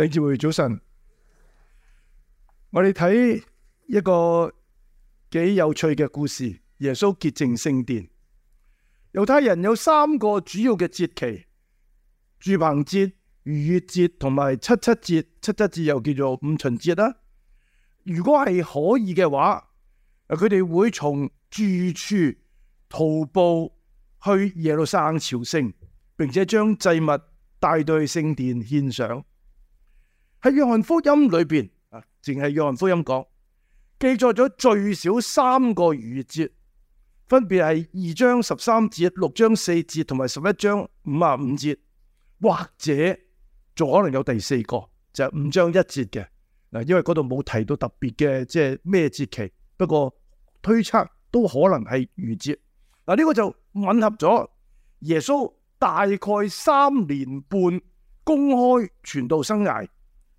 禮議會早晨，我哋睇一個幾有趣嘅故事。耶穌潔淨聖殿。猶太人有三個主要嘅節期：住棚節、逾越節同埋七七節。七七節又叫做五旬節啦。如果係可以嘅話，佢哋會從住處徒步去耶路撒冷朝聖，並且將祭物帶到去聖殿獻上。喺約翰福音裏邊啊，淨係約翰福音講，記載咗最少三個逾越節，分別係二章十三節、六章四節同埋十一章五十五節，或者仲可能有第四個就係五章一節嘅嗱，因為嗰度冇提到特別嘅即係咩節期，不過推測都可能係逾節嗱，呢個就吻合咗耶穌大概三年半公開傳道生涯。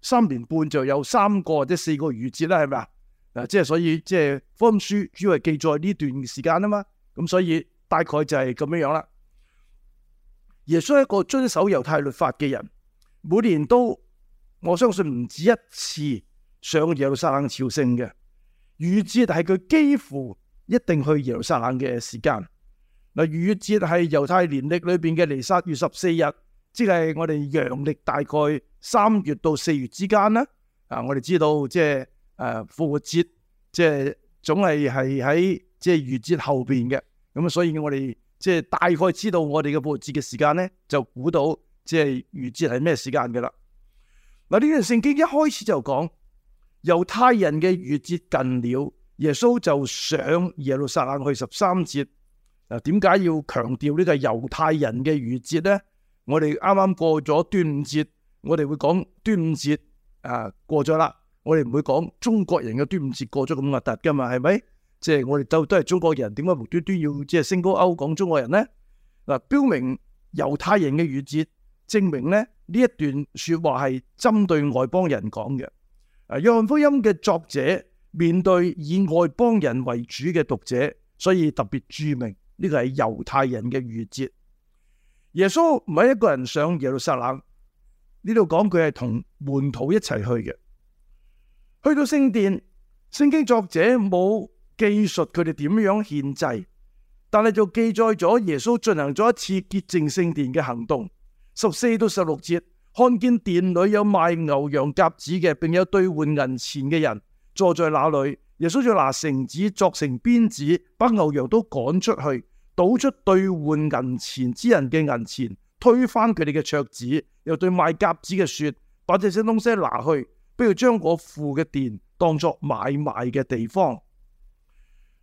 三年半就有三個或者四個逾節啦，係咪啊？嗱，即係所以即係《福音書》主要係記載呢段時間啊嘛。咁所以大概就係咁樣樣啦。耶穌係一個遵守猶太律法嘅人，每年都我相信唔止一次上耶路撒冷朝聖嘅逾節，係佢幾乎一定去耶路撒冷嘅時間。嗱、啊，逾節係猶太年曆裏邊嘅尼撒月十四日。即係我哋陽曆大概三月到四月之間啦，啊，我哋知道即係誒復活節，即係總係係喺即係逾節後邊嘅，咁啊，所以我哋即係大概知道我哋嘅復活節嘅時間咧，就估到即係逾節係咩時間嘅啦。嗱，呢段聖經一開始就講猶太人嘅逾節近了，耶穌就上耶路撒冷去十三節。嗱，點解要強調呢個猶太人嘅逾節咧？我哋啱啱過咗端午節，我哋會講端午節啊，過咗啦，我哋唔會講中國人嘅端午節過咗咁核突噶嘛，係咪？即係我哋都都係中國人，點解無端端要即係 single out 講中國人呢？嗱、啊，標明猶太人嘅逾越節，證明咧呢一段說話係針對外邦人講嘅。啊，約翰福音嘅作者面對以外邦人為主嘅讀者，所以特別注明呢個係猶太人嘅逾越節。耶穌唔係一個人上耶路撒冷，呢度講佢係同門徒一齊去嘅。去到聖殿，聖經作者冇記述佢哋點樣獻祭，但係就記載咗耶穌進行咗一次潔淨聖殿嘅行動。十四到十六節，看見殿裏有賣牛羊鴿子嘅，並有兌換銀錢嘅人坐在那裏。耶穌就拿繩子作成鞭子，把牛羊都趕出去。倒出兌換銀錢之人嘅銀錢，推翻佢哋嘅桌子，又對賣鴿子嘅說：把這些東西拿去，不要將我父嘅殿當作買賣嘅地方。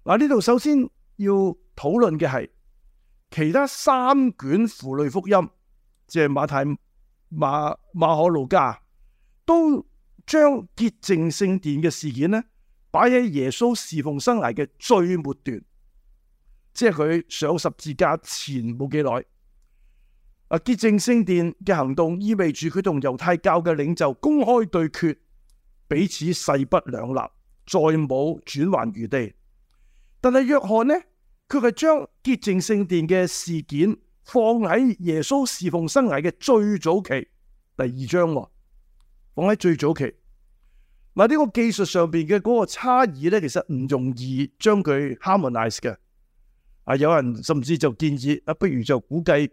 嗱，呢度首先要討論嘅係其他三卷符類福音，即係馬太、馬馬可、路加，都將潔淨聖殿嘅事件呢擺喺耶穌侍奉生涯嘅最末段。即係佢上十字架前冇幾耐，啊，潔淨聖殿嘅行動意味住佢同猶太教嘅領袖公開對決，彼此勢不兩立，再冇轉圜餘地。但係約翰呢，佢係將潔淨聖殿嘅事件放喺耶穌侍奉生涯嘅最、哦、最早期，第二章放喺最早期。嗱，呢個技術上邊嘅嗰個差異呢，其實唔容易將佢 harmonize 嘅。啊！有人甚至就建議啊，不如就估計，誒、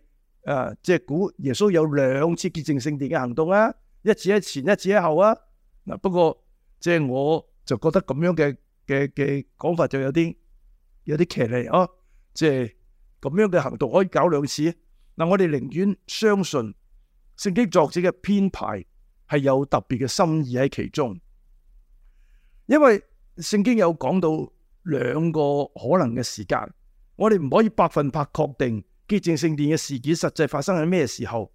啊，即、就、係、是、估耶穌有兩次潔淨聖殿嘅行動啊，一次喺前，一次喺後啊。嗱、啊，不過即係、就是、我就覺得咁樣嘅嘅嘅講法就有啲有啲騎呢哦。即係咁樣嘅行動可以搞兩次？嗱、啊啊，我哋寧願相信聖經作者嘅編排係有特別嘅心意喺其中，因為聖經有講到兩個可能嘅時間。我哋唔可以百分百確定潔淨聖殿嘅事件實際發生喺咩時候？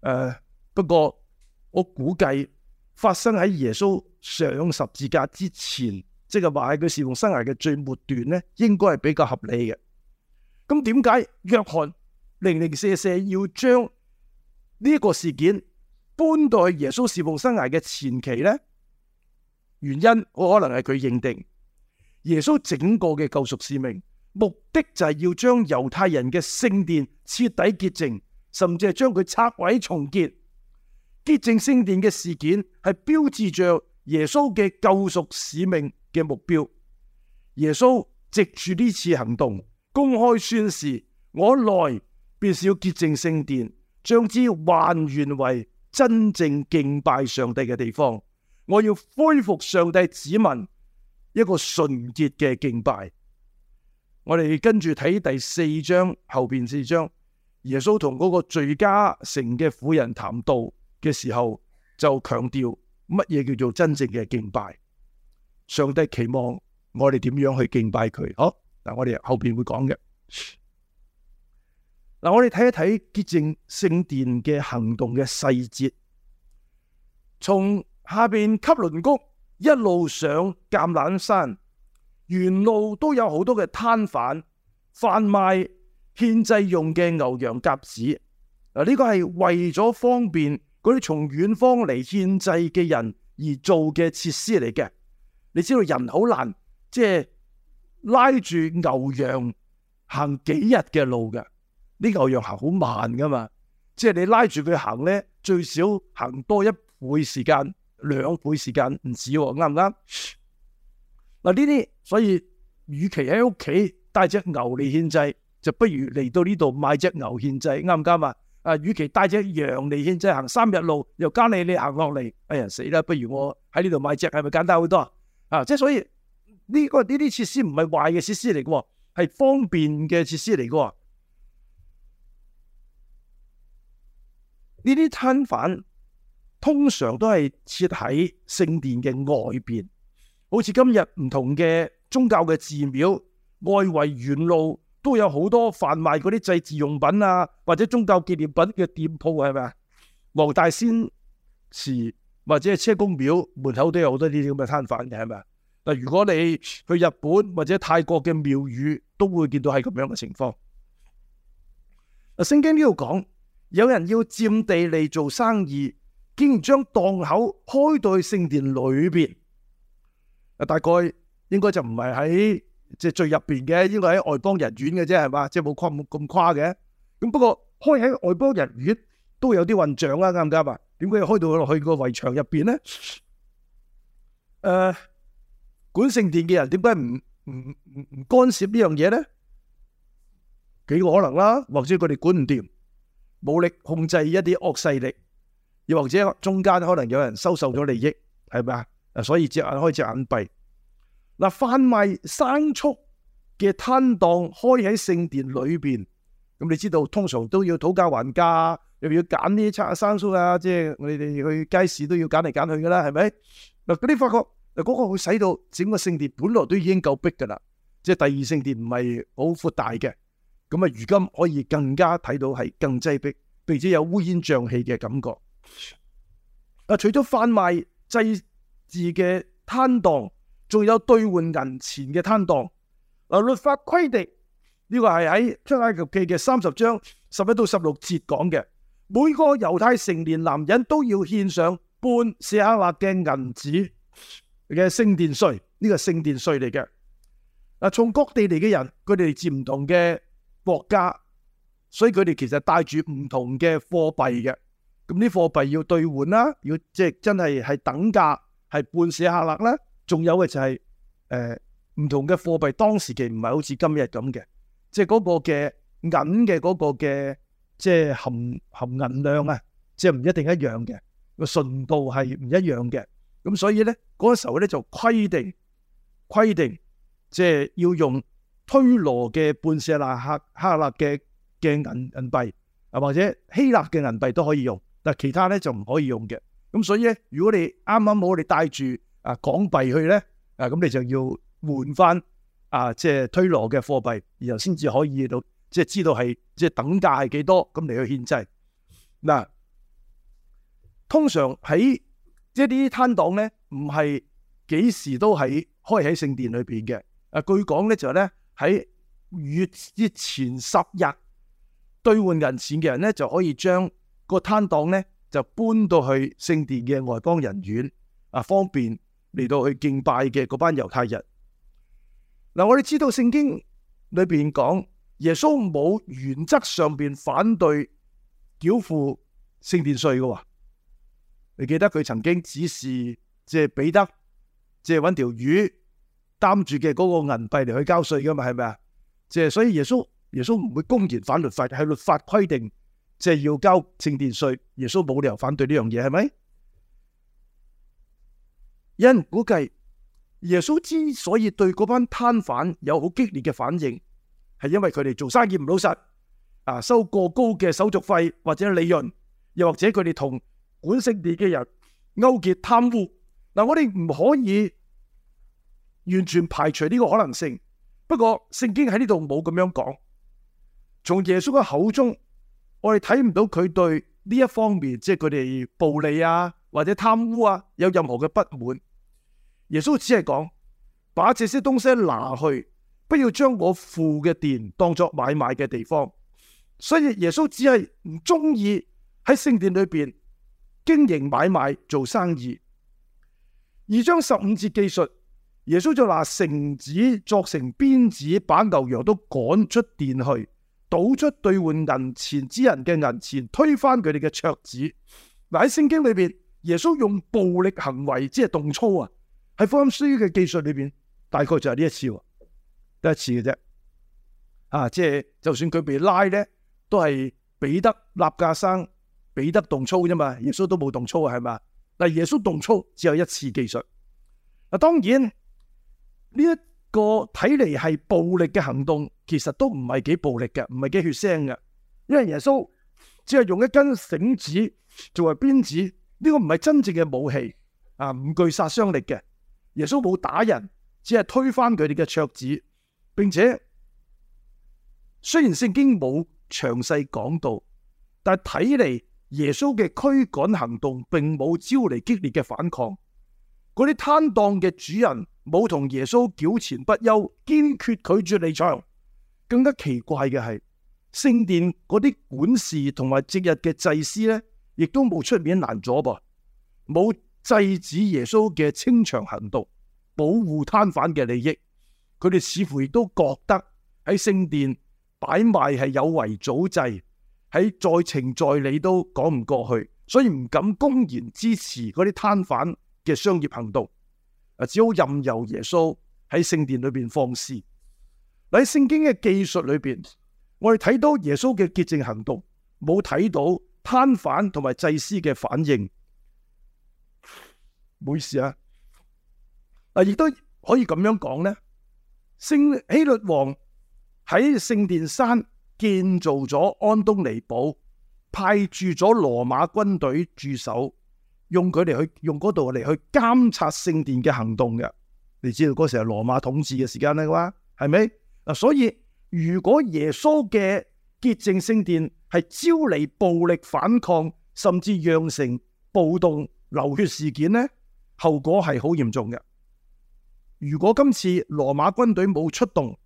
誒，不過我估計發生喺耶穌上十字架之前，即係話喺佢侍奉生涯嘅最末段咧，應該係比較合理嘅。咁點解約翰零零舍舍要將呢個事件搬到耶穌侍奉生涯嘅前期咧？原因好可能係佢認定耶穌整個嘅救贖使命，目的就係要將猶太人嘅聖殿徹底潔淨，甚至係將佢拆毀重建。潔淨聖殿嘅事件係標誌着耶穌嘅救贖使命嘅目標。耶穌藉住呢次行動公開宣示：我來便是要潔淨聖殿，將之還原為真正敬拜上帝嘅地方。我要恢復上帝子民一個純潔嘅敬拜。我哋跟住睇第四章後邊四章，耶穌同嗰個敘加城嘅婦人談道嘅時候，就強調乜嘢叫做真正嘅敬拜。上帝期望我哋點樣去敬拜佢？好，嗱，我哋後邊會講嘅。嗱，我哋睇一睇潔淨聖殿嘅行動嘅細節，從下邊汲淪谷，一路上橄欖山。沿路都有好多嘅攤販販賣獻祭用嘅牛羊鴿子，嗱呢個係為咗方便嗰啲從遠方嚟獻祭嘅人而做嘅設施嚟嘅。你知道人好難即係、就是、拉住牛羊行幾日嘅路嘅，呢牛羊行好慢噶嘛，即、就、係、是、你拉住佢行咧，最少行多一倍時間、兩倍時間唔止喎、哦，啱唔啱？嗱呢啲。所以與其喺屋企帶隻牛嚟獻祭，就不如嚟到呢度買隻牛獻祭，啱唔啱啊？啊，與其帶隻羊嚟獻祭，行三日路，又加你你行落嚟，哎呀死啦！不如我喺呢度買隻，係咪簡單好多啊？啊，即係所以呢個呢啲設施唔係壞嘅設施嚟嘅喎，係方便嘅設施嚟嘅。呢啲攤販通常都係設喺聖殿嘅外邊。好似今日唔同嘅宗教嘅寺廟外圍沿路都有好多販賣嗰啲祭祀用品啊，或者宗教紀念品嘅店鋪，係咪啊？黃大仙祠或者係車公廟門口都有好多呢啲咁嘅攤販嘅，係咪啊？嗱，如果你去日本或者泰國嘅廟宇，都會見到係咁樣嘅情況。聖經呢度講，有人要佔地利做生意，竟然將檔口開到去聖殿裏邊。大概應該就唔係喺即係最入邊嘅，應該喺外邦人院嘅啫，係嘛？即係冇誇咁咁誇嘅。咁不過開喺外邦人院都有啲混賬啦，啱唔啱啊？點解要開到落去個圍牆入邊咧？誒，管聖殿嘅人點解唔唔唔唔干涉呢樣嘢咧？幾個可能啦，或者佢哋管唔掂，冇力控制一啲惡勢力，又或者中間可能有人收受咗利益，係咪啊？嗱，所以隻眼開隻眼閉。嗱，販賣生畜嘅攤檔開喺聖殿裏邊，咁你知道通常都要討價還價，啊，又要揀啲差生畜啊，即係我哋哋去街市都要揀嚟揀去噶啦，係咪？嗱，嗰啲發覺嗱，嗰個會使到整個聖殿本來都已經夠逼噶啦，即係第二聖殿唔係好闊大嘅，咁啊，如今可以更加睇到係更擠逼，並且有烏煙瘴氣嘅感覺。嗱，除咗販賣製字嘅攤檔，仲有兌換銀錢嘅攤檔。嗱，律法規定呢個係喺《出埃及記》嘅三十章十一到十六節講嘅，每個猶太成年男人都要獻上半舍客勒嘅銀子嘅聖殿稅，呢個聖殿稅嚟嘅。嗱，從各地嚟嘅人，佢哋嚟自唔同嘅國家，所以佢哋其實帶住唔同嘅貨幣嘅，咁啲貨幣要兌換啦，要即係真係係等價。係半舍克勒啦，仲有嘅就係誒唔同嘅貨幣，當時期唔係好似今日咁嘅，即係嗰個嘅銀嘅嗰個嘅即係含含銀量啊，即係唔一定一樣嘅，個純度係唔一樣嘅。咁所以咧，嗰個時候咧，就規定規定，即係要用推羅嘅半舍那克克勒嘅嘅銀銀幣啊，或者希臘嘅銀幣都可以用，但係其他咧就唔可以用嘅。咁所以咧，如果你啱啱好你哋帶住啊港幣去咧，啊咁你就要換翻啊即係推羅嘅貨幣，然後先至可以到即係知道係即係等價係幾多，咁嚟去獻祭。嗱、啊，通常喺一啲攤檔咧，唔係幾時都喺開喺聖殿裏邊嘅。啊，據講咧就咧、係、喺月月前十日兌換銀錢嘅人咧，就可以將個攤檔咧，就搬到去聖殿嘅外邦人院啊，方便嚟到去敬拜嘅嗰班猶太人。嗱，我哋知道聖經裏邊講耶穌冇原則上邊反對繳付聖殿稅嘅。你記得佢曾經指示即係彼得，即係搵條魚擔住嘅嗰個銀幣嚟去交稅噶嘛？係咪啊？即係所以耶穌耶穌唔會公然反律法，係律法規定。即係要交聖殿稅，耶穌冇理由反對呢樣嘢，係咪？有人估計耶穌之所以對嗰班攤販有好激烈嘅反應，係因為佢哋做生意唔老實，啊收過高嘅手續費或者利潤，又或者佢哋同管聖殿嘅人勾結貪污。嗱，我哋唔可以完全排除呢個可能性，不過聖經喺呢度冇咁樣講，從耶穌嘅口中。我哋睇唔到佢對呢一方面，即係佢哋暴利啊，或者貪污啊，有任何嘅不滿。耶穌只係講，把這些東西拿去，不要將我父嘅殿當作買賣嘅地方。所以耶穌只係唔中意喺聖殿裏邊經營買賣做生意，而將十五節記述，耶穌就拿繩子作成鞭子，把牛羊都趕出殿去。倒出兌換銀錢之人嘅銀錢，推翻佢哋嘅桌子。嗱，喺聖經裏邊，耶穌用暴力行為，即係動粗啊！喺福音書嘅記述裏邊，大概就係呢一次，得一次嘅啫。啊，即係就算佢被拉咧，都係彼得立架生，彼得動粗啫嘛。耶穌都冇動粗啊係嘛？嗱，但耶穌動粗只有一次記述。嗱、啊，當然呢。個睇嚟係暴力嘅行動，其實都唔係幾暴力嘅，唔係幾血腥嘅，因為耶穌只係用一根繩子作為鞭子，呢、這個唔係真正嘅武器啊，唔具殺傷力嘅。耶穌冇打人，只係推翻佢哋嘅桌子，並且雖然聖經冇詳細講到，但係睇嚟，耶穌嘅驅趕行動並冇招嚟激烈嘅反抗，嗰啲攤檔嘅主人，冇同耶穌糾纏不休，堅決拒絕離場。更加奇怪嘅係，聖殿嗰啲管事同埋節日嘅祭司呢，亦都冇出面攔阻噃，冇制止耶穌嘅清場行動，保護攤販嘅利益。佢哋似乎亦都覺得喺聖殿擺賣係有違祖制，喺在，在情在理都講唔過去，所以唔敢公然支持嗰啲攤販嘅商業行動。只好任由耶穌喺聖殿裏邊放肆。喺聖經嘅記述裏邊，我哋睇到耶穌嘅潔淨行動，冇睇到攤販同埋祭司嘅反應。唔好意思啊。嗱，亦都可以咁樣講呢：聖希律王喺聖殿山建造咗安東尼堡，派駐咗羅馬軍隊駐守。用佢哋去用嗰度嚟去監察聖殿嘅行動嘅，你知道嗰時係羅馬統治嘅時間咧嘛？係咪？嗱，所以如果耶穌嘅潔淨聖殿係招嚟暴力反抗，甚至釀成暴動、流血事件咧，後果係好嚴重嘅。如果今次羅馬軍隊冇出動，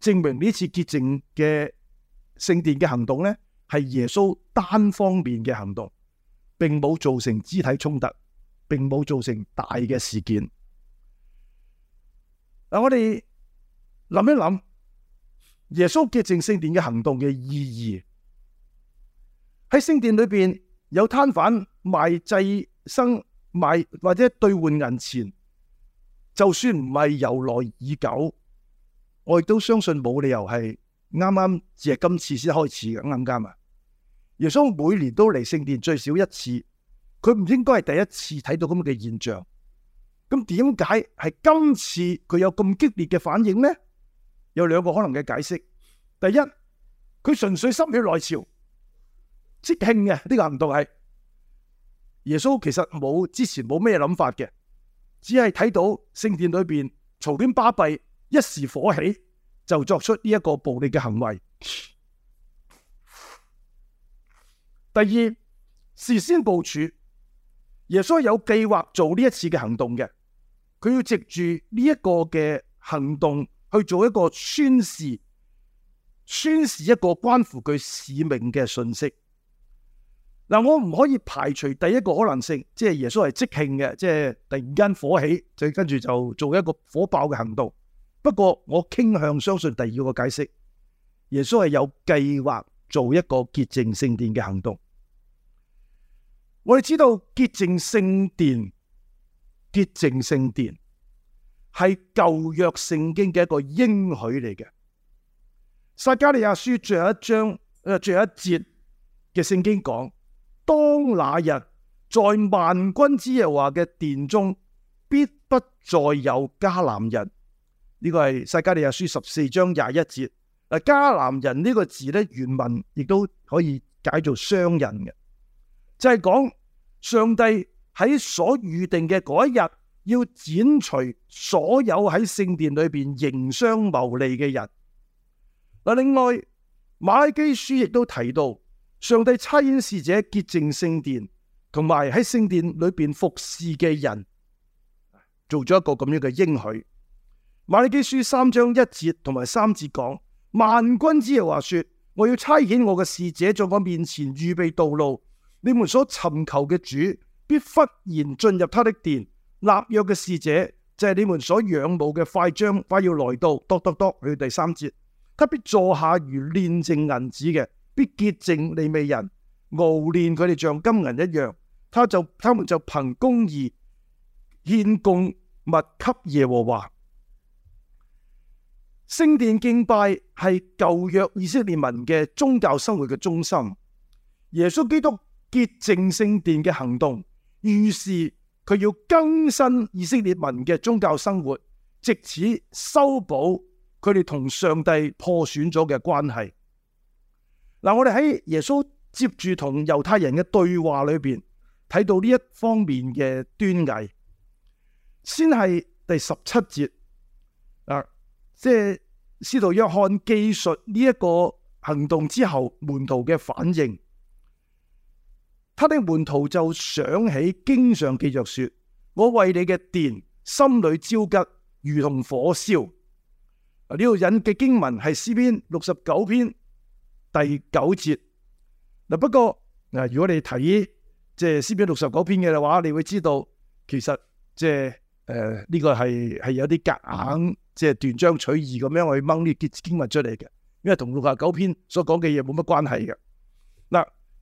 證明呢次潔淨嘅聖殿嘅行動咧，係耶穌單方面嘅行動。並冇造成肢體衝突，並冇造成大嘅事件。嗱，我哋諗一諗耶穌潔淨聖殿嘅行動嘅意義。喺聖殿裏邊有攤販賣祭牲、賣或者兌換銀錢，就算唔係由來已久，我亦都相信冇理由係啱啱只係今次先開始嘅，啱唔啱啊？耶穌每年都嚟聖殿最少一次，佢唔應該係第一次睇到咁嘅現象。咁點解係今次佢有咁激烈嘅反應呢？有兩個可能嘅解釋。第一，佢純粹心血來潮，即興嘅呢個行動係耶穌其實冇之前冇咩諗法嘅，只係睇到聖殿裏邊嘈喧巴閉，一時火起就作出呢一個暴力嘅行為。第二，事先部署，耶穌有計劃做呢一次嘅行動嘅，佢要藉住呢一個嘅行動去做一個宣示，宣示一個關乎佢使命嘅信息。嗱，我唔可以排除第一個可能性，即係耶穌係即興嘅，即係突然間火起，就跟住就做一個火爆嘅行動。不過我傾向相信第二個解釋，耶穌係有計劃做一個潔淨聖殿嘅行動。我哋知道潔淨聖殿，潔淨聖殿係舊約聖經嘅一個應許嚟嘅。撒迦利亞書最後一章誒、呃、最後一節嘅聖經講：當那日，在萬軍之耶和華嘅殿中，必不再有迦南人。呢、這個係撒迦利亞書十四章廿一節。嗱，迦南人呢個字咧，原文亦都可以解做商人嘅。就係講上帝喺所預定嘅嗰一日，要剪除所有喺聖殿裏邊營商牟利嘅人。嗱，另外瑪拉基書亦都提到，上帝差遣使者潔淨聖殿，同埋喺聖殿裏邊服侍嘅人做咗一個咁樣嘅應許。瑪拉基書三章一節同埋三節講，萬軍之耶和華說，我要差遣我嘅使者在我面前預備道路。你們所尋求嘅主必忽然進入他的殿。立約嘅使者就係你們所仰慕嘅，快將快要來到。篤篤篤，去第三節，他必坐下如煉淨銀子嘅，必潔淨利未人，熬煉佢哋像金銀一樣。他就他們就憑公義獻供物給耶和華。聖殿敬拜係舊約以色列民嘅宗教生活嘅中心。耶穌基督。潔淨聖殿嘅行動，預示佢要更新以色列民嘅宗教生活，藉此修補佢哋同上帝破損咗嘅關係。嗱，我哋喺耶穌接住同猶太人嘅對話裏邊，睇到呢一方面嘅端倪，先係第十七節嗱，即係使徒約翰記述呢一個行動之後門徒嘅反應。他的門徒就想起經上記着說：我為你嘅殿，心裏焦急，如同火燒。呢度引嘅經文係詩篇六十九篇第九節。嗱，不過嗱，如果你睇即係詩篇六十九篇嘅話，你會知道其實即係誒呢個係係有啲夾硬，即係斷章取義咁樣去掹呢啲經文出嚟嘅，因為同六十九篇所講嘅嘢冇乜關係嘅。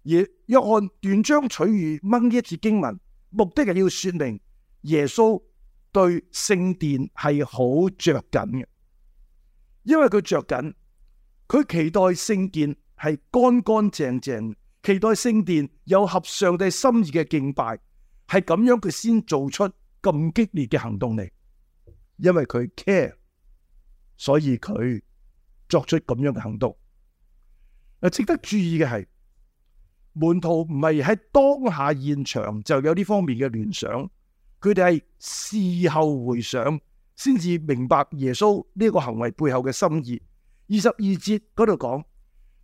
而約翰斷章取義掹呢一字經文，目的係要說明耶穌對聖殿係好着緊嘅，因為佢着緊，佢期待聖殿係乾乾淨淨，期待聖殿有合上帝心意嘅敬拜，係咁樣佢先做出咁激烈嘅行動嚟，因為佢 care，所以佢作出咁樣嘅行動。誒，值得注意嘅係。門徒唔係喺當下現場就有呢方面嘅聯想，佢哋係事後回想，先至明白耶穌呢個行為背後嘅心意。二十二節嗰度講，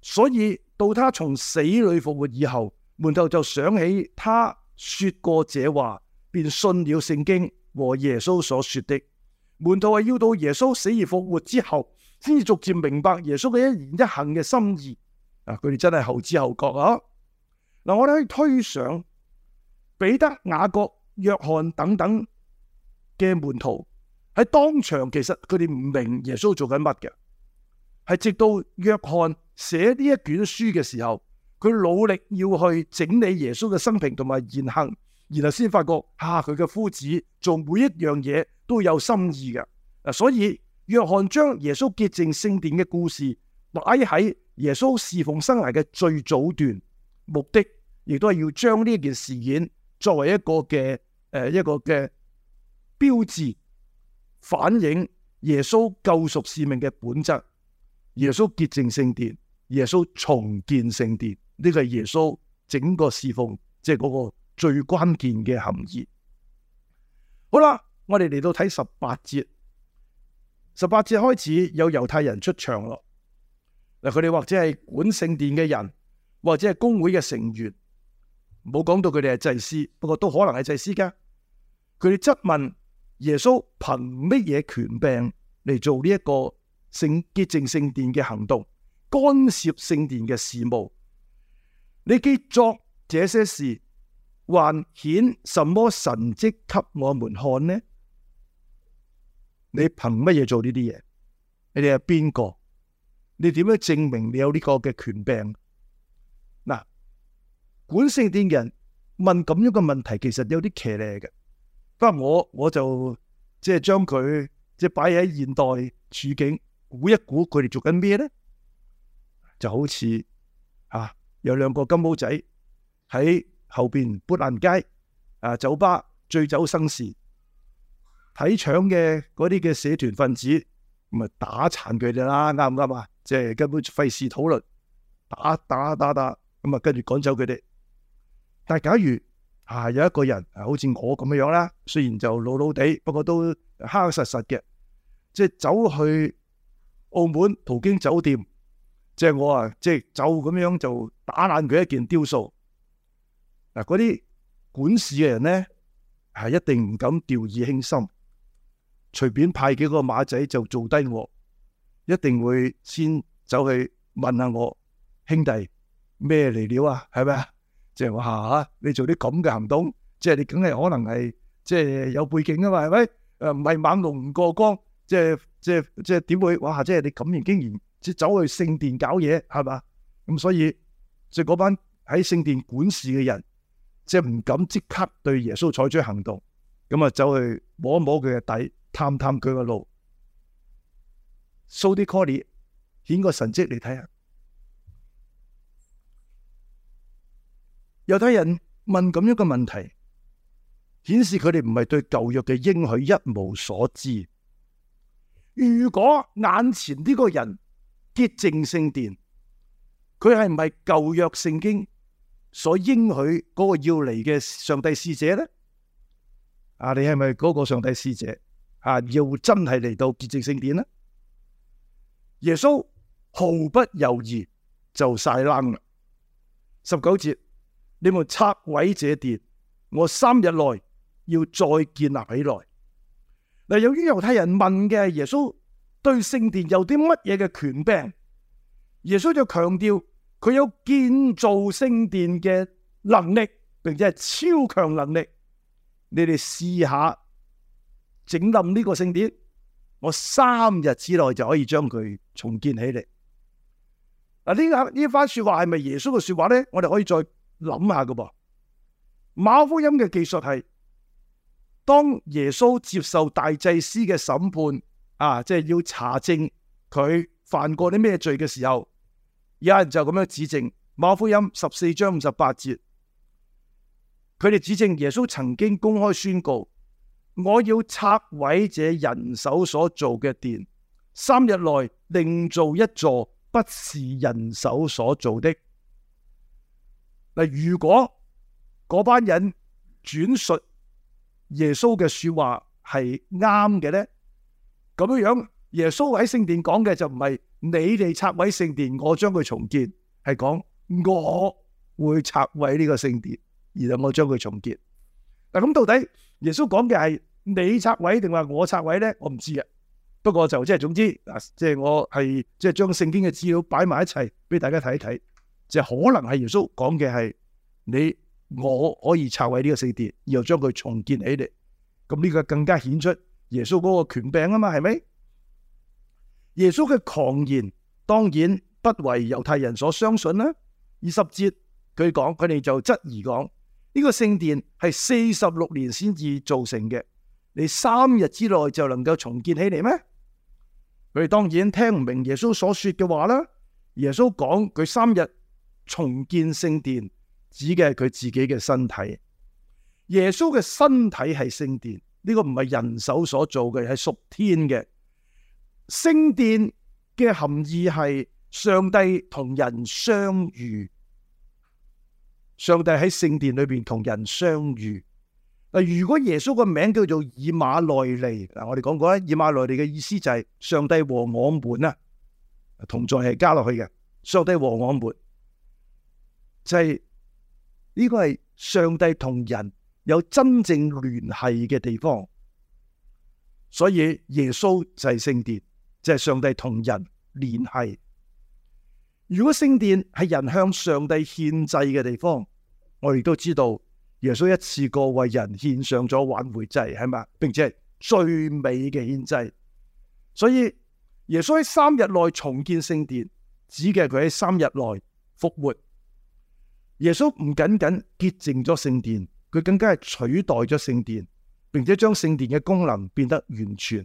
所以到他從死裏復活以後，門徒就想起他說過這話，便信了聖經和耶穌所說的。門徒係要到耶穌死而復活之後，先至逐漸明白耶穌嘅一言一行嘅心意。啊，佢哋真係後知後覺啊！嗱，我哋可以推想彼得、雅各、約翰等等嘅門徒喺當場，其實佢哋唔明耶穌做緊乜嘅。係直到約翰寫呢一卷書嘅時候，佢努力要去整理耶穌嘅生平同埋言行，然後先發覺吓佢嘅夫子做每一樣嘢都有心意嘅。嗱，所以約翰將耶穌潔淨聖典聖殿嘅故事擺喺耶穌侍奉生涯嘅最早段，目的。亦都係要將呢件事件作為一個嘅誒、呃、一個嘅標誌，反映耶穌救贖使命嘅本質。耶穌潔淨聖殿，耶穌重建聖殿，呢個係耶穌整個侍奉，即係嗰個最關鍵嘅含義。好啦，我哋嚟到睇十八節，十八節開始有猶太人出場咯。嗱，佢哋或者係管聖殿嘅人，或者係公會嘅成員。冇講到佢哋係祭司，不過都可能係祭司噶。佢哋質問耶穌憑乜嘢權柄嚟做呢一個清潔淨聖殿嘅行動，干涉聖殿嘅事務？你既作這些事，還顯什麼神蹟給我們看呢？你憑乜嘢做呢啲嘢？你哋係邊個？你點樣證明你有呢個嘅權柄？管聖殿嘅人問咁樣嘅問題，其實有啲騎呢嘅。不過我我就即係將佢即係擺喺現代處境，估一估佢哋做緊咩咧？就好似吓、啊、有兩個金毛仔喺後邊砵蘭街啊酒吧醉酒生事，睇搶嘅嗰啲嘅社團分子，咁啊打殘佢哋啦，啱唔啱啊？即係根本費事討論，打打打打，咁啊跟住趕走佢哋。但係假如啊有一個人啊好似我咁樣啦，雖然就老老地，不過都黑黑實實嘅，即係走去澳門途經酒店，即係我啊，即係就咁樣就打爛佢一件雕塑。嗱，嗰啲管事嘅人咧係、啊、一定唔敢掉以輕心，隨便派幾個馬仔就做低我，一定會先走去問下我，兄弟，咩嚟料啊，係咪啊？即係話嚇，你做啲咁嘅行動，即係你梗係可能係即係有背景啊嘛，係咪？誒唔係猛龍唔過江，即係即係即係點會？哇！即係你咁樣竟然走去聖殿搞嘢，係嘛？咁所以即係嗰班喺聖殿管事嘅人，即係唔敢即刻對耶穌採取行動，咁啊走去摸一摸佢嘅底，探探佢嘅路，掃啲鈣粒，顯個神跡嚟睇下。有啲人問咁樣嘅問題，顯示佢哋唔係對舊約嘅應許一無所知。如果眼前呢個人潔淨聖殿，佢係唔係舊約聖經所應許嗰個要嚟嘅上帝使者呢？啊，你係咪嗰個上帝使者啊？要真係嚟到潔淨聖殿呢？耶穌毫不猶豫就晒冷啦，十九節。你們拆毀這殿，我三日內要再建立起來。嗱，由於猶太人問嘅耶穌對聖殿有啲乜嘢嘅權柄，耶穌就強調佢有建造聖殿嘅能力，並且係超強能力。你哋試下整冧呢個聖殿，我三日之內就可以將佢重建起嚟。嗱，呢刻呢番說話係咪耶穌嘅說話咧？我哋可以再。諗下嘅噃，馬可福音嘅技術係當耶穌接受大祭司嘅審判啊，即係要查證佢犯過啲咩罪嘅時候，有人就咁樣指證馬可福音十四章五十八節，佢哋指證耶穌曾經公開宣告：我要拆毀這人手所做嘅殿，三日內另造一座不是人手所做的。如果嗰班人轉述耶穌嘅說話係啱嘅咧，咁樣耶穌喺聖殿講嘅就唔係你哋拆毀聖殿，我將佢重建，係講我會拆毀呢個聖殿，然後我將佢重建。嗱，咁到底耶穌講嘅係你拆毀定話我拆毀咧？我唔知啊。不過就即係總之，即係我係即係將聖經嘅資料擺埋一齊俾大家睇一睇。就可能係耶穌講嘅係你我可以拆毀呢個聖殿，然後將佢重建起嚟。咁呢個更加顯出耶穌嗰個權柄啊嘛，係咪？耶穌嘅狂言當然不為猶太人所相信啦。二十節佢講，佢哋就質疑講：呢個聖殿係四十六年先至造成嘅，你三日之內就能夠重建起嚟咩？佢哋當然聽唔明耶穌所說嘅話啦。耶穌講佢三日。重建聖殿，指嘅係佢自己嘅身體，耶穌嘅身體係聖殿，呢、這個唔係人手所做嘅，係屬天嘅。聖殿嘅含義係上帝同人相遇，上帝喺聖殿裏邊同人相遇。嗱，如果耶穌個名叫做以馬內利，嗱我哋講過啦，以馬內利嘅意思就係上帝和我們啊同在係加落去嘅，上帝和我們。就係呢個係上帝同人有真正聯繫嘅地方，所以耶穌就係聖殿，即係上帝同人聯繫。如果聖殿係人向上帝獻祭嘅地方，我亦都知道耶穌一次過為人獻上咗挽回祭，係嘛，並且係最美嘅獻祭。所以耶穌喺三日內重建聖殿，指嘅佢喺三日內復活。耶穌唔僅僅潔淨咗聖殿，佢更加係取代咗聖殿，並且將聖殿嘅功能變得完全。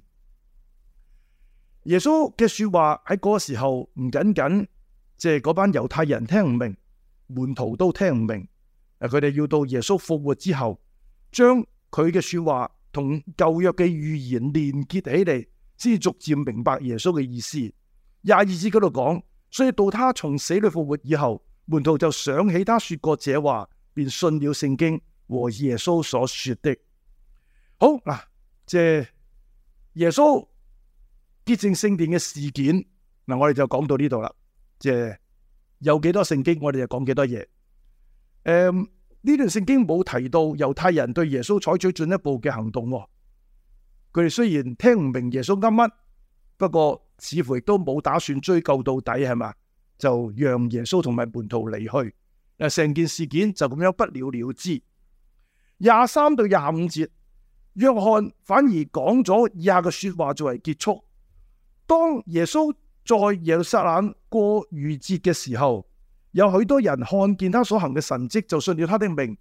耶穌嘅說話喺嗰個時候唔僅僅即係嗰班猶太人聽唔明，門徒都聽唔明。誒，佢哋要到耶穌復活之後，將佢嘅說話同舊約嘅預言連結起嚟，先逐漸明白耶穌嘅意思。廿二節嗰度講，所以到他從死裏復活以後。門徒就想起他說過這話，便信了聖經和耶穌所說的。好嗱，即係耶穌潔淨聖殿嘅事件嗱，我哋就講到呢度啦。即係有幾多聖經，我哋就講幾多嘢。誒、嗯，呢段聖經冇提到猶太人對耶穌採取進一步嘅行動。佢哋雖然聽唔明耶穌噏乜，不過似乎亦都冇打算追究到底，係嘛？就讓耶穌同埋門徒離去，誒，成件事件就咁樣不了了之。廿三到廿五節，約翰反而講咗以下嘅說話作為結束。當耶穌在耶路撒冷過逾節嘅時候，有許多人看見他所行嘅神迹，就信了他的命。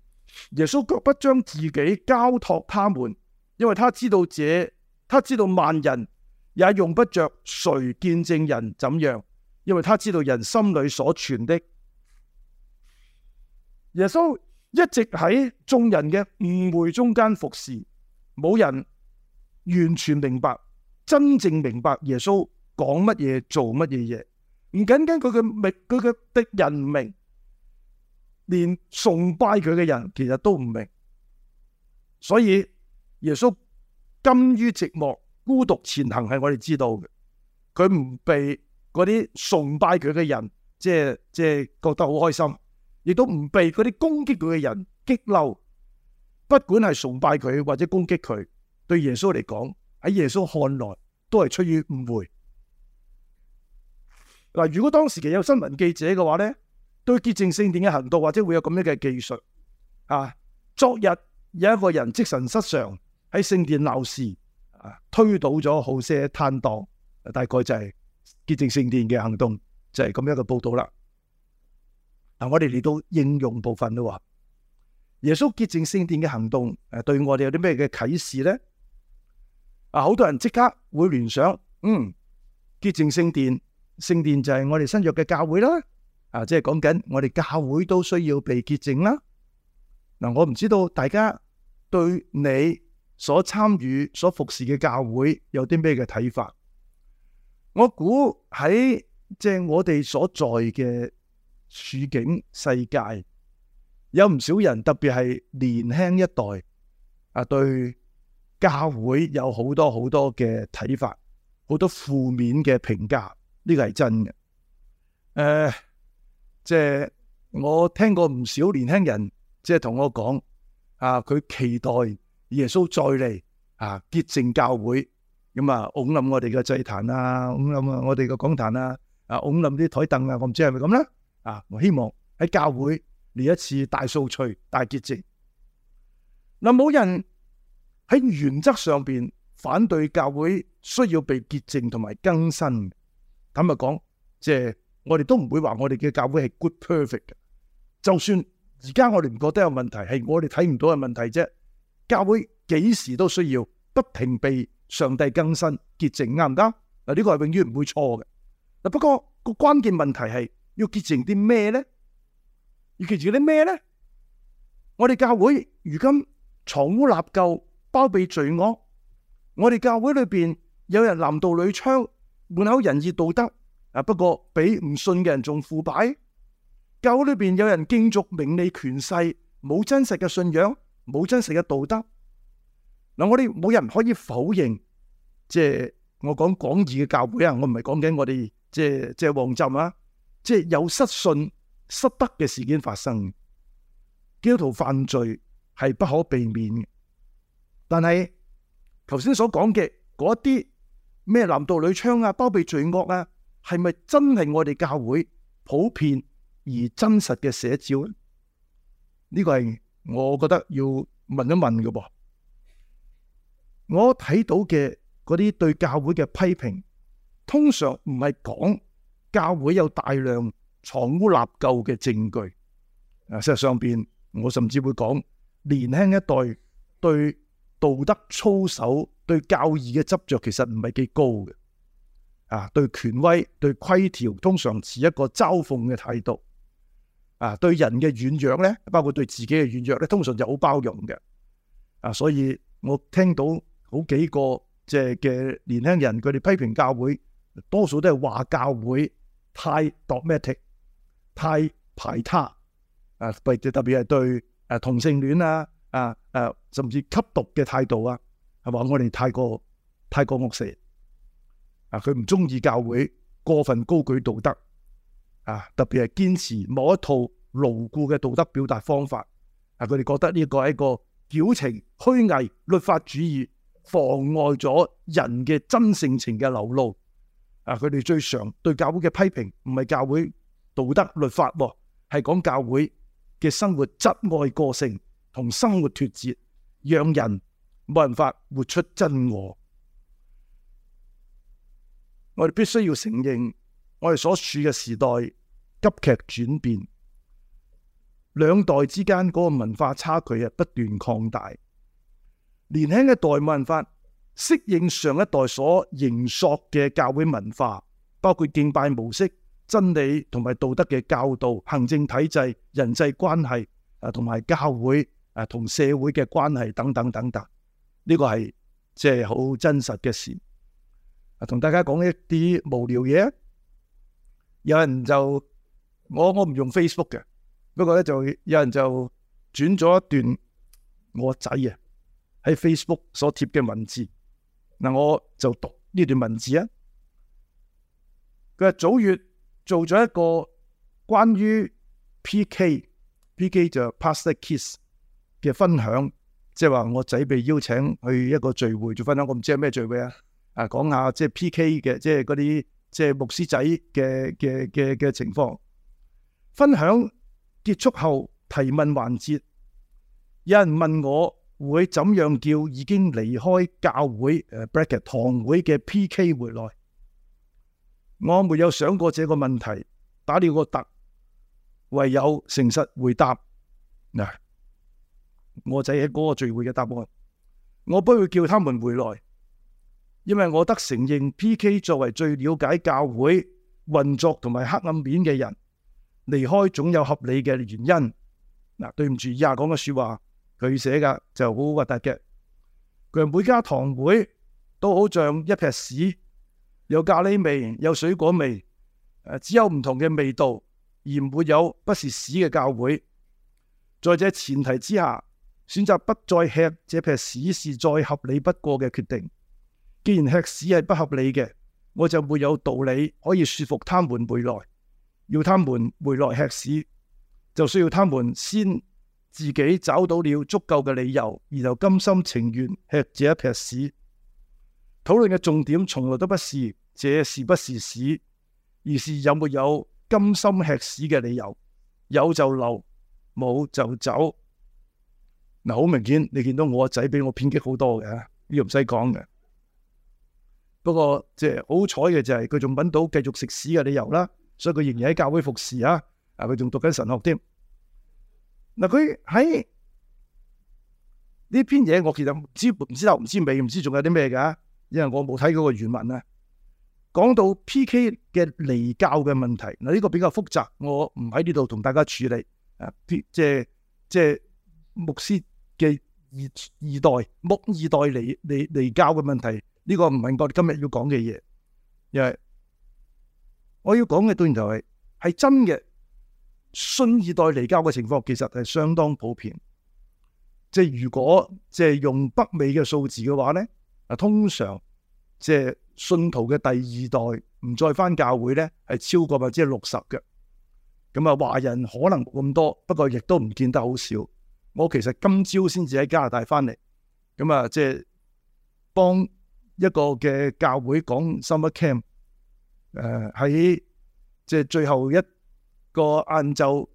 耶穌却不將自己交託他們，因為他知道這，他知道萬人也用不着誰見證人怎樣。因為他知道人心裏所存的。耶穌一直喺眾人嘅誤會中間服侍，冇人完全明白、真正明白耶穌講乜嘢、做乜嘢嘢。唔僅僅佢嘅嗰個的人明，連崇拜佢嘅人其實都唔明。所以耶穌甘於寂寞、孤獨前行係我哋知道嘅，佢唔被，嗰啲崇拜佢嘅人，即係即係覺得好開心，亦都唔被嗰啲攻擊佢嘅人激嬲。不管係崇拜佢或者攻擊佢，對耶穌嚟講，喺耶穌看來都係出於誤會。嗱，如果當時嘅有新聞記者嘅話咧，對潔淨聖殿嘅行動或者會有咁樣嘅記述啊。昨日有一個人精神失常喺聖殿鬧事啊，推倒咗好些攤檔，大概就係、是。潔淨聖殿嘅行動就係、是、咁樣嘅報道啦。嗱、啊，我哋嚟到應用部分啦。耶穌潔淨聖殿嘅行動，誒、啊，對我哋有啲咩嘅啟示咧？啊，好多人即刻會聯想，嗯，潔淨聖殿，聖殿就係我哋新約嘅教會啦。啊，即係講緊我哋教會都需要被潔淨啦。嗱、啊，我唔知道大家對你所參與、所服侍嘅教會有啲咩嘅睇法？我估喺即係我哋所在嘅處境世界，有唔少人，特別係年輕一代啊，對教會有好多好多嘅睇法，好多負面嘅評價，呢個係真嘅。誒，即係我聽過唔少年輕人，即係同我講啊，佢期待耶穌再嚟啊，潔淨教會。咁啊，拱冧我哋嘅祭壇啊，拱冧啊，我哋嘅講壇啊，啊，拱冧啲台凳啊，我唔知係咪咁啦。啊，我希望喺教會嚟一次大掃除、大潔淨。嗱、啊，冇人喺原則上邊反對教會需要被潔淨同埋更新。坦白講，即係我哋都唔會話我哋嘅教會係 good perfect 嘅。就算而家我哋唔覺得有問題，係我哋睇唔到嘅問題啫。教會幾時都需要不停被上帝更新潔淨啱唔啱？嗱呢、這個係永遠唔會錯嘅。嗱，不過個關鍵問題係要潔淨啲咩咧？要潔淨啲咩咧？我哋教會如今藏污納垢、包庇罪惡。我哋教會裏邊有人男盜女娼，滿口仁義道德，啊，不過比唔信嘅人仲腐敗。教會裏邊有人競逐名利權勢，冇真實嘅信仰，冇真實嘅道德。嗱，我哋冇人可以否認，即係我講廣義嘅教會啊，我唔係講緊我哋即係即係旺浸啊，即係有失信失德嘅事件發生，基督徒犯罪係不可避免嘅。但係頭先所講嘅嗰啲咩男盜女娼啊、包庇罪惡啊，係咪真係我哋教會普遍而真實嘅寫照呢？呢個係我覺得要問一問嘅噃。我睇到嘅嗰啲對教會嘅批評，通常唔係講教會有大量藏污納垢嘅證據。啊，事實上邊我甚至會講，年輕一代對道德操守、對教義嘅執着，其實唔係幾高嘅。啊，對權威、對規條，通常持一個嘲諷嘅態度。啊，對人嘅軟弱咧，包括對自己嘅軟弱咧，通常就好包容嘅。啊，所以我聽到。好幾個即係嘅年輕人，佢哋批評教會，多數都係話教會太 dogmatic 太排他啊！特別特別係對同性戀啊、啊啊，甚至吸毒嘅態度啊，係話我哋太過太過惡勢啊！佢唔中意教會過分高舉道德啊，特別係堅持某一套牢固嘅道德表達方法啊！佢哋覺得呢一個係一個矯情虛偽、律法主義。妨礙咗人嘅真性情嘅流露，啊！佢哋最常對教會嘅批評，唔係教會道德律法，係講教會嘅生活窒礙個性同生活脱節，讓人冇辦法活出真我。我哋必須要承認，我哋所處嘅時代急劇轉變，兩代之間嗰個文化差距啊，不斷擴大。年輕一代冇辦法適應上一代所形塑嘅教會文化，包括敬拜模式、真理同埋道德嘅教導、行政體制、人際關係啊，同埋教會啊同社會嘅關係等等等等。呢個係即係好真實嘅事。啊，同大家講一啲無聊嘢。有人就我我唔用 Facebook 嘅，不過咧就有人就轉咗一段我仔啊。喺 Facebook 所貼嘅文字。嗱，我就讀呢段文字啊。佢話祖月做咗一個關於 P.K.P.K. 就 Pastor Kiss 嘅分享，即係話我仔被邀請去一個聚會做分享，我唔知係咩聚會啊。啊，講下即係 P.K. 嘅即係嗰啲即係牧師仔嘅嘅嘅嘅情況。分享結束後提問環節，有人問我。會怎樣叫已經離開教會誒，bracket，堂會嘅 P. K. 回來？我沒有想過這個問題，打了個突，唯有誠實回答嗱，啊，我就係嗰個聚會嘅答案。我不會叫他們回來，因為我得承認 P. K. 作為最了解教會運作同埋黑暗面嘅人，離開總有合理嘅原因。嗱，啊，對唔住，以下講嘅說話。佢寫噶就好核突嘅，佢每家堂會都好像一劈屎，有咖喱味，有水果味，誒，只有唔同嘅味道，而沒有不是屎嘅教會。在這前提之下，選擇不再吃這劈屎是再合理不過嘅決定。既然吃屎係不合理嘅，我就沒有道理可以說服他們回來，要他們回來吃屎，就需要他們先。自己找到了足夠嘅理由，然後甘心情願吃這一劈屎。討論嘅重點從來都不是這是不是屎，而是有沒有甘心吃屎嘅理由。有就留，冇就走。嗱、嗯，好明顯，你見到我仔比我偏激好多嘅，呢個唔使講嘅。不過即係好彩嘅就係佢仲揾到繼續食屎嘅理由啦，所以佢仍然喺教會服侍啊。啊，佢仲讀緊神學添。嗱，佢喺呢篇嘢，我其實唔知唔知頭，唔知尾，唔知仲有啲咩噶，因為我冇睇嗰個原文啊。講到 P.K. 嘅離教嘅問題，嗱，呢個比較複雜，我唔喺呢度同大家處理啊。即係即係牧師嘅二二代，牧二代離離離教嘅問題，呢個唔係我哋今日要講嘅嘢。因為我要講嘅對頭係係真嘅。信二代離交嘅情況其實係相當普遍，即係如果即係用北美嘅數字嘅話咧，嗱通常即係信徒嘅第二代唔再返教會咧，係超過百分之六十嘅。咁啊，華人可能冇咁多，不過亦都唔見得好少。我其實今朝先至喺加拿大返嚟，咁啊，即係幫一個嘅教會講 summer camp，誒喺即係最後一個晏晝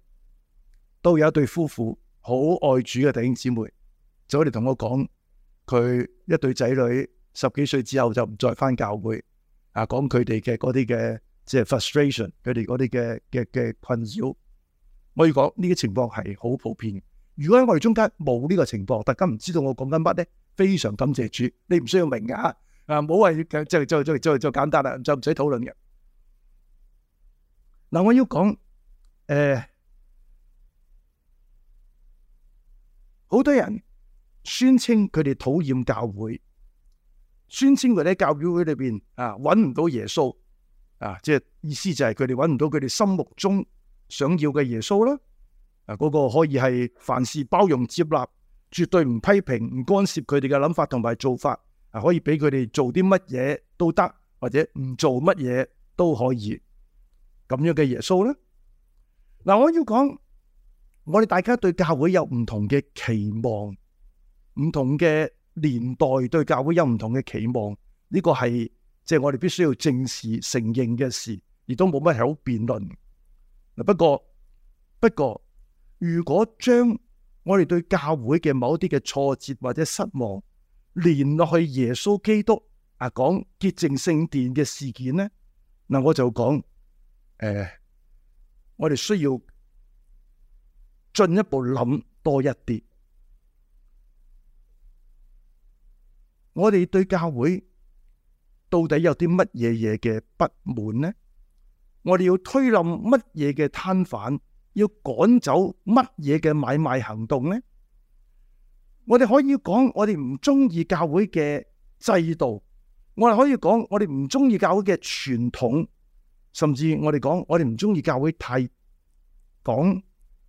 都有一對夫婦好愛主嘅弟兄姊妹，就可嚟同我講佢一對仔女十幾歲之後就唔再返教會啊，講佢哋嘅嗰啲嘅即係 frustration，佢哋嗰啲嘅嘅嘅困擾，我要講呢啲情況係好普遍。如果喺我哋中間冇呢個情況，大家唔知道我講緊乜咧，非常感謝主，你唔需要明嘅吓、啊，啊冇話要即係再再再再簡單啦，就唔使討論嘅。嗱，我要講。誒，好多人宣稱佢哋討厭教會，宣稱佢哋喺教會裏邊啊搵唔到耶穌，啊，即係意思就係佢哋搵唔到佢哋心目中想要嘅耶穌啦。嗱，嗰個可以係凡事包容接納，絕對唔批評唔干涉佢哋嘅諗法同埋做法，啊，可以俾佢哋做啲乜嘢都得，或者唔做乜嘢都可以，咁樣嘅耶穌咧。嗱，我要講，我哋大家對教會有唔同嘅期望，唔同嘅年代對教會有唔同嘅期望，呢個係即係我哋必須要正視、承認嘅事，亦都冇乜係好辯論。嗱，不過不過，如果將我哋對教會嘅某啲嘅挫折或者失望連落去耶穌基督啊講潔淨聖殿嘅事件咧，嗱我就講誒。欸我哋需要進一步諗多一啲。我哋對教會到底有啲乜嘢嘢嘅不滿呢？我哋要推冧乜嘢嘅攤販，要趕走乜嘢嘅買賣行動呢？我哋可以講，我哋唔中意教會嘅制度；我哋可以講，我哋唔中意教會嘅傳統。甚至我哋講，我哋唔中意教會太講，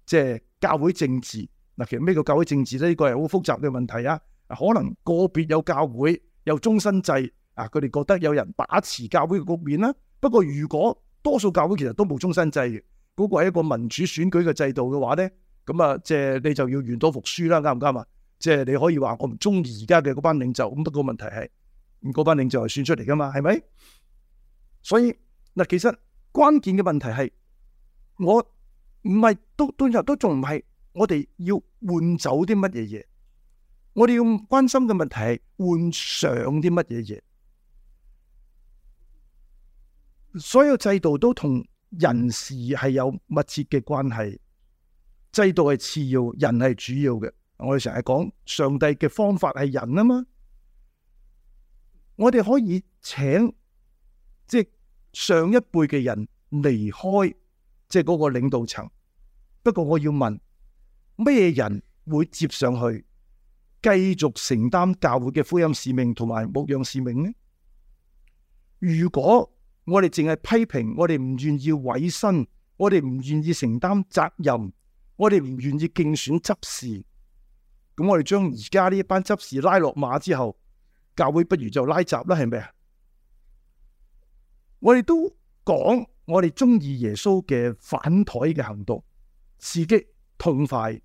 即係教會政治嗱，其實咩叫教會政治咧？呢個係好複雜嘅問題啊！可能個別有教會有終身制啊，佢哋覺得有人把持教會嘅局面啦。不過如果多數教會其實都冇終身制，嗰個係一個民主選舉嘅制度嘅話咧，咁啊，即係你就要願賭服輸啦，啱唔啱啊？即係你可以話我唔中意而家嘅嗰班領袖，咁不過問題係嗰班領袖係選出嚟噶嘛，係咪？所以。但其實關鍵嘅問題係我唔係都到頭都仲唔係，我哋要換走啲乜嘢嘢？我哋要關心嘅問題係換上啲乜嘢嘢？所有制度都同人事係有密切嘅關係，制度係次要，人係主要嘅。我哋成日講上帝嘅方法係人啊嘛，我哋可以請即係。上一輩嘅人離開，即係嗰個領導層。不過我要問，咩人會接上去，繼續承擔教會嘅福音使命同埋牧養使命呢？如果我哋淨係批評，我哋唔願意委身，我哋唔願意承擔責任，我哋唔願意競選執事，咁我哋將而家呢班執事拉落馬之後，教會不如就拉閘啦，係咪啊？我哋都講我哋中意耶穌嘅反台嘅行動，刺激痛快。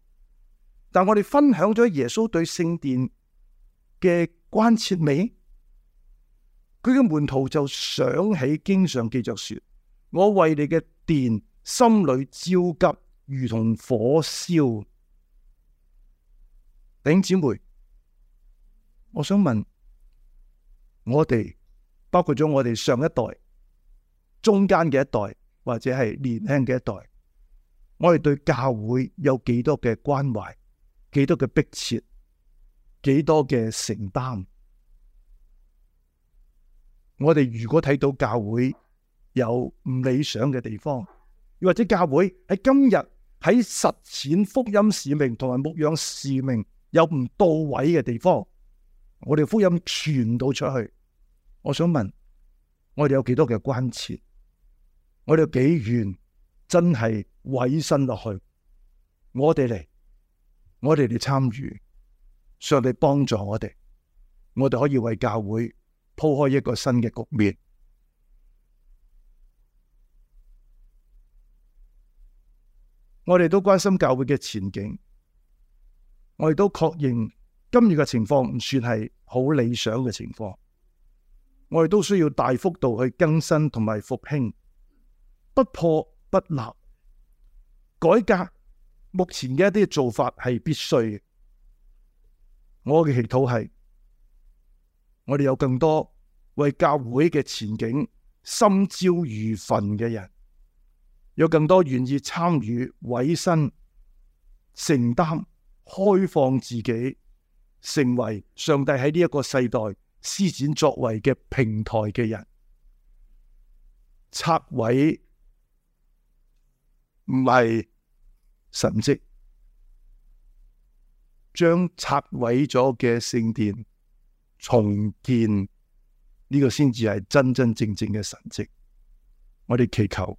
但我哋分享咗耶穌對聖殿嘅關切未？佢嘅門徒就想起經上記着說：我為你嘅殿心裏焦急，如同火燒。弟兄姐妹，我想問我哋包括咗我哋上一代，中間嘅一代或者係年輕嘅一代，我哋對教會有幾多嘅關懷，幾多嘅迫切，幾多嘅承擔？我哋如果睇到教會有唔理想嘅地方，或者教會喺今日喺實踐福音使命同埋牧養使命有唔到位嘅地方，我哋福音傳到出去，我想問，我哋有幾多嘅關切？我哋幾願真係委身落去，我哋嚟，我哋嚟參與，上帝幫助我哋，我哋可以為教會鋪開一個新嘅局面。我哋都關心教會嘅前景，我哋都確認今日嘅情況唔算係好理想嘅情況，我哋都需要大幅度去更新同埋復興。不破不立，改革目前嘅一啲做法係必須嘅。我嘅祈禱係，我哋有更多為教會嘅前景心焦如焚嘅人，有更多願意參與委身、承擔、開放自己，成為上帝喺呢一個世代施展作為嘅平台嘅人，拆毀。唔係神蹟，將拆毀咗嘅聖殿重建，呢個先至係真真正正嘅神蹟。我哋祈求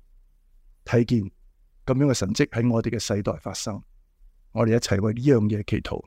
睇見咁樣嘅神蹟喺我哋嘅世代發生。我哋一齊為呢樣嘢祈禱。